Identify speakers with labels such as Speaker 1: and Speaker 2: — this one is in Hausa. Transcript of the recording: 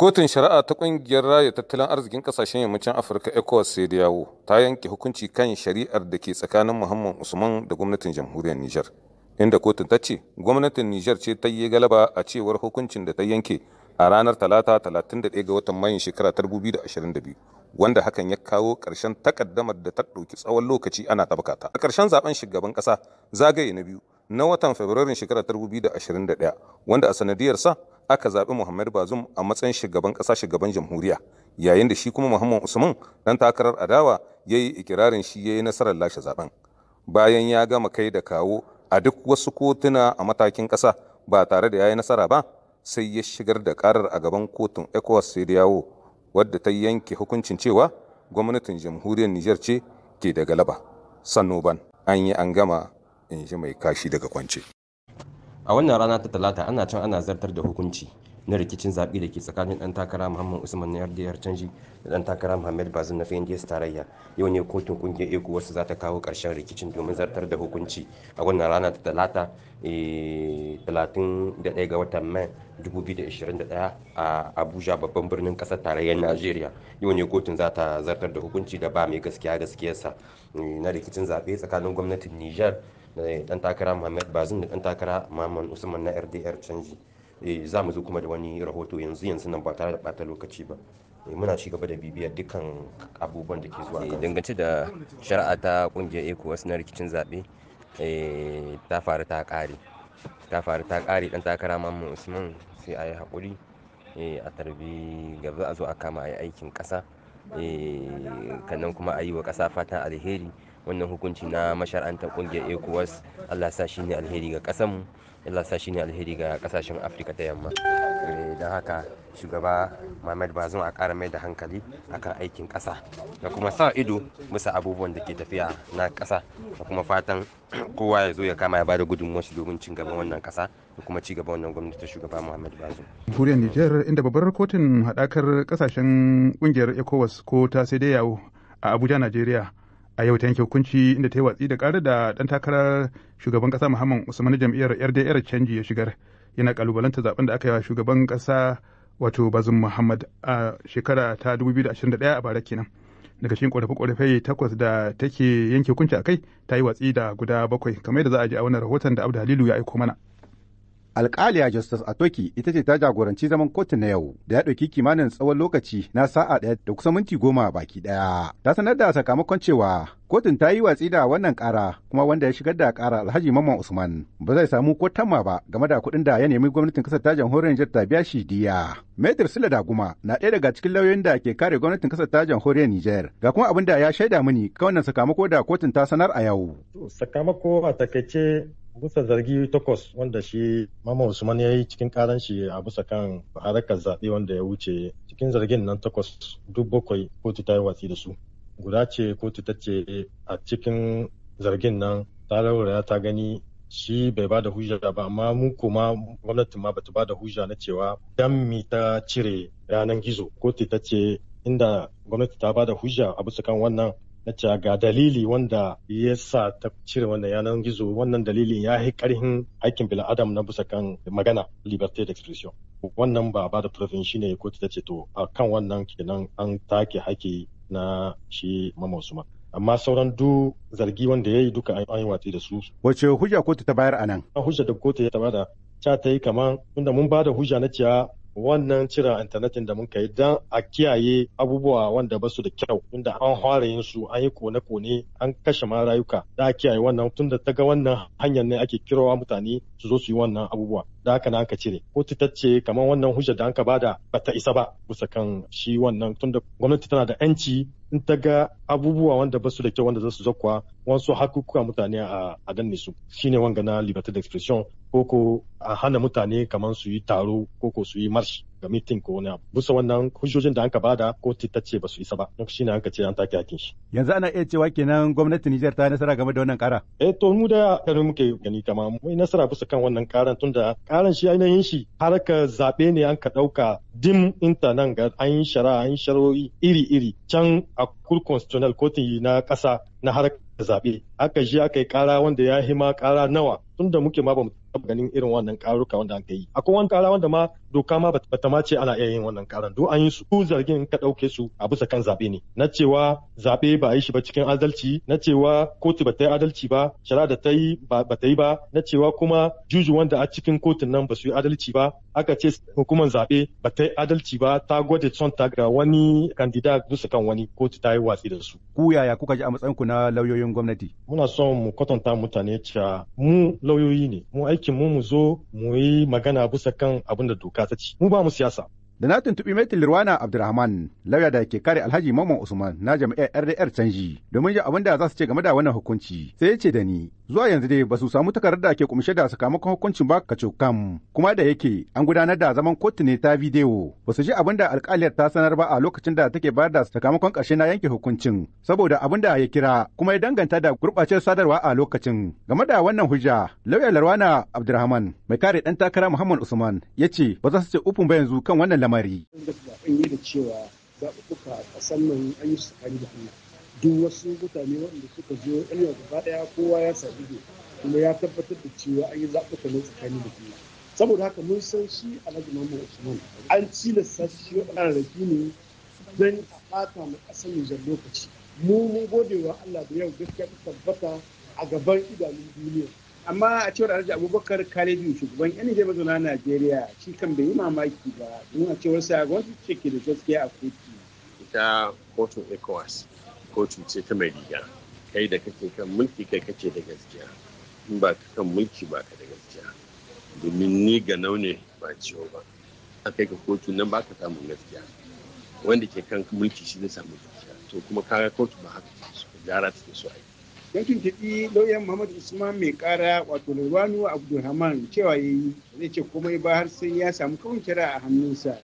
Speaker 1: Kotun Shari'a ta kungiyar Raya Tattalin Arzikin kasashen Yammacin Afirka ECOWAS sai da yawo ta yanke hukunci kan shari'ar da ke tsakanin Muhammad Usman da gwamnatin jamhuriyar Nijar. Inda kotun ta ce gwamnatin Nijar ce ta yi galaba a cewar hukuncin da ta yanke a ranar Talata 31 ga watan Mayun shekara 2022 wanda hakan ya kawo ƙarshen takaddamar da ta ɗauki tsawon lokaci ana tabakata. A ƙarshen zaben shugaban ƙasa zagaye na biyu na watan Fabrairun shekarar 2021 wanda a sanadiyarsa aka zaɓi Muhammad Bazum a matsayin shugaban ƙasa shugaban jamhuriya yayin da shi kuma Muhammad Usman dan takarar adawa ya yi ikirarin shi ya yi nasarar lashe zaben bayan ya gama kai da kawo a duk wasu kotuna a matakin ƙasa ba tare da ya yi nasara ba sai ya shigar da karar a gaban kotun ecowas sai da yawo wadda ta yanke hukuncin cewa gwamnatin jamhuriyar niger ce ke da galaba sanoban an yi an gama in ji mai kashi daga kwance
Speaker 2: a wannan rana ta talata ana can ana zartar da hukunci na rikicin zaɓe da ke tsakanin ɗan takara muhammad usman na rdr canji da ɗan takara muhammad bazin na fnds tarayya yau ne kotun ƙungiyar eku wasu za ta kawo ƙarshen rikicin domin zartar da hukunci a wannan rana ta talata 31 eh, ga watan mai 2021 a abuja babban birnin ƙasar tarayyar najeriya yau ne kotun za ta zartar da hukunci da ba mai gaskiya gaskiyarsa eh, na rikicin zaɓe tsakanin gwamnatin niger da ɗan takara muhammad bazin da ɗan takara muhammad usman na rdr canji Eh, za mu zo kuma da wani rahoto yanzu yanzu nan ba tare da bata lokaci ba eh, muna ci gaba da bibiyar dukkan abubuwan da ke zuwa eh, dangance da shari'a ta kungiyar ecowas na rikicin zaɓe ta faru ta ƙare ta faru ta ƙare ɗan takara mamu usman sai a yi haƙuri a tarbi gaba a zo a kama a yi aikin ƙasa Eh, kannan kuma a yi wa ƙasa fatan alheri wannan hukunci na mashar'anta ƙungiyar ecowas allah sa shi ne alheri ga ƙasanmu allah sa shi ne alheri ga ƙasashen afirka ta yamma eh, da haka shugaba muhammad bazum a ƙara mai da hankali akan aikin ƙasa da kuma sa ido bisa abubuwan da ke tafiya na ƙasa da kuma fatan kowa ya zo ya kama ya bada gudunmuwa domin cin gaban wannan ƙasa da kuma ci gaba wannan gwamnati ta shugaba Muhammadu Bazum.
Speaker 1: Jamhuriyar Nijar inda babbar kotun haɗakar kasashen ƙungiyar ECOWAS ko ta sai dai yawo
Speaker 2: a Abuja Najeriya
Speaker 1: a yau ta yanke hukunci inda ta yi watsi da karar da ɗan takarar shugaban ƙasa Muhammad Usman jam'iyyar RDR canji ya shigar yana kalubalanta zaben da aka yi wa shugaban ƙasa wato Bazum Muhammad a shekara ta 2021 a bara kenan. daga shi ƙorafe-ƙorafe takwas da take yanke hukunci a kai ta yi watsi da guda bakwai kamar yadda za a ji a wannan rahoton da Abdu Halilu ya aiko mana.
Speaker 3: Alƙaliya justice atoki ita ce ta jagoranci zaman kotu na yau da ya ɗauki kimanin tsawon lokaci na sa'a ɗaya da kusan minti goma baki ɗaya ta sanar da sakamakon cewa kotun ta yi watsi da wannan ƙara kuma wanda ya shigar da ƙara alhaji mamman usman ba zai samu ko tamma ba game da kuɗin da ya nemi gwamnatin ƙasar ta jamhuriyar nijar ta biya shi diya metir sila daguma na ɗaya daga cikin lauyoyin da ke kare gwamnatin ƙasar ta jamhuriyar nijar ga kuma abin da ya shaida mini kan wannan sakamako da kotun ta sanar a yau
Speaker 4: sakamako a takaice bisa zargi takwas wanda shi mama usman ya yi cikin karan shi a bisa kan harakar zaɓe wanda ya wuce cikin zargin nan takwas duk bakwai kotu ta yi watsi da su guda ce kotu ta ce a cikin zargin nan ta rauraya ta gani shi bai ba da hujja ba amma mu kuma gwamnati ma bata ba da hujja na cewa dan mi ta cire yanan gizo kotu ta ce inda gwamnati ta ba da hujja a bisa kan wannan na ga dalili wanda ya sa ta cire wannan yanar gizo wannan dalilin ya yi karhin aikin bil'adam na bisa kan magana liberté d'expression wannan ba ba da profin shine kotu ta ce to a kan wannan kenan an take haƙƙi na shi mamausuma amma sauran du zargi wanda ya yi duka an yi watsi da su. Wace hujja kotu ta bayar a nan? Hujja da kotu ya ta bada ta ta yi kamar tunda mun ba da hujja na cewa wannan cira intanetin da muka yi don a kiyaye abubuwa wanda ba su da kyau tunda an hwara yin su an yi kone-kone an kashe ma rayuka da a kiyaye wannan tun da ta ga wannan hanyar ne ake kirowa mutane su zo su yi wannan abubuwa da haka na aka cire ko ta ce kamar wannan hujjar da anka bada ta isa ba bisa kan shi wannan tun da gwamnati tana da 'yanci in ta ga abubuwa wanda ba su da kyau wanda za su zakwa wasu hakukuwa mutane a danne su shine wanga na liberté Ko koko a hana mutane kamar su yi taro koko su yi march ga mitin ko wani abu wannan hujjojin da anka bada ko ce ba su isa ba don shine anka ce an take hakin shi yanzu ana iya cewa kenan gwamnati Niger ta nasara game da wannan kara eh to mu da kare muke gani kamar mu nasara busa kan wannan karan tunda karan shi ainihin shi haraka zabe ne anka dauka dim inta ga an yi shara an yi iri iri can a cour constitutionnel kotun na kasa na haraka. zaɓe aka shi aka yi ƙara wanda ya hima ƙara nawa tun da muke ma ba mu ganin irin wannan ƙaruka wanda aka yi akwai wani ƙara wanda ma doka ma bata ma ce ana iya yin wannan karan do an yi su zargin ka dauke su a bisa kan zaɓe ne na cewa zaɓe ba a yi shi ba cikin adalci na cewa kotu ba ta yi adalci ba shari'a da ta yi ba ta yi ba na cewa kuma juju wanda a cikin kotun nan ba su yi adalci ba aka ce hukumar zabe ba ta yi adalci ba ta gwada son ta ga wani kandida bisa kan wani kotu ta yi watsi da su. Ku yaya kuka ji a matsayin ku na lauyoyin gwamnati? Muna son mu kwatanta mutane cewa mu lauyoyi ne mu aikin mu mu zo mu yi magana bisa kan abin da doka ta ci mu ba mu siyasa da na tuntuɓi
Speaker 3: mai tilirwana abdulrahman lauya da ke kare alhaji mamman usman na jami'ar rdr canji domin ji abin da za su ce game da wannan hukunci sai ya ce da ni zuwa yanzu dai ba su samu takardar da ke kumshe da sakamakon hukuncin ba ka kam kuma da yake an gudanar da zaman kotu ne ta bidiyo ba su ji abin da alkaliyar ta sanar ba a lokacin da take bayar da sakamakon ƙarshe na yanke hukuncin saboda abin da ya kira kuma ya danganta da gurɓacewar sadarwa a lokacin game da wannan hujja lauya larwana abdulrahman mai kare ɗan takara muhammad usman ya ce ba za su ce ufun ba yanzu kan wannan lamari.
Speaker 4: In yi da cewa zaɓuɓɓuka a ƙasar nan an yi su da Duk wasu mutane waɗanda suka zo ƙarya gaba ɗaya kowa ya sami ne kuma ya tabbatar da cewa an yi zaɓuɓɓuka ne tsakani da Saboda haka mun san shi Alhaji Muhammad Usman an tilasta shi waɗanda rafi ne don a ɓata mu ƙasar Nijar lokaci. Mu mun gode wa Allah da yau gaskiya tabbata a gaban idanun duniya. amma a cewar alhaji abubakar
Speaker 3: kalibi shugaban yan nijar mazauna najeriya shi kan bai yi mamaki ba don a cewar sa gwamnati
Speaker 1: ce ke da gaskiya a kotu
Speaker 4: ita kotun ecowas kotu ce ta mai riga kai da kake kan mulki kai kake da gaskiya in ba ka kan mulki ba ka da gaskiya domin ni ga naune ba ciwo ba a kai ka kotu nan ba ka samun gaskiya wanda ke kan mulki shi ne samun gaskiya to kuma kaga kotu ba haka su gara take so a
Speaker 3: dan tuntubi lauyan Muhammad Usman mai kara wato Lurwanu Abdulrahman cewa yayi yi zai ce komai ba har sai ya samu kawun kira a hannunsa.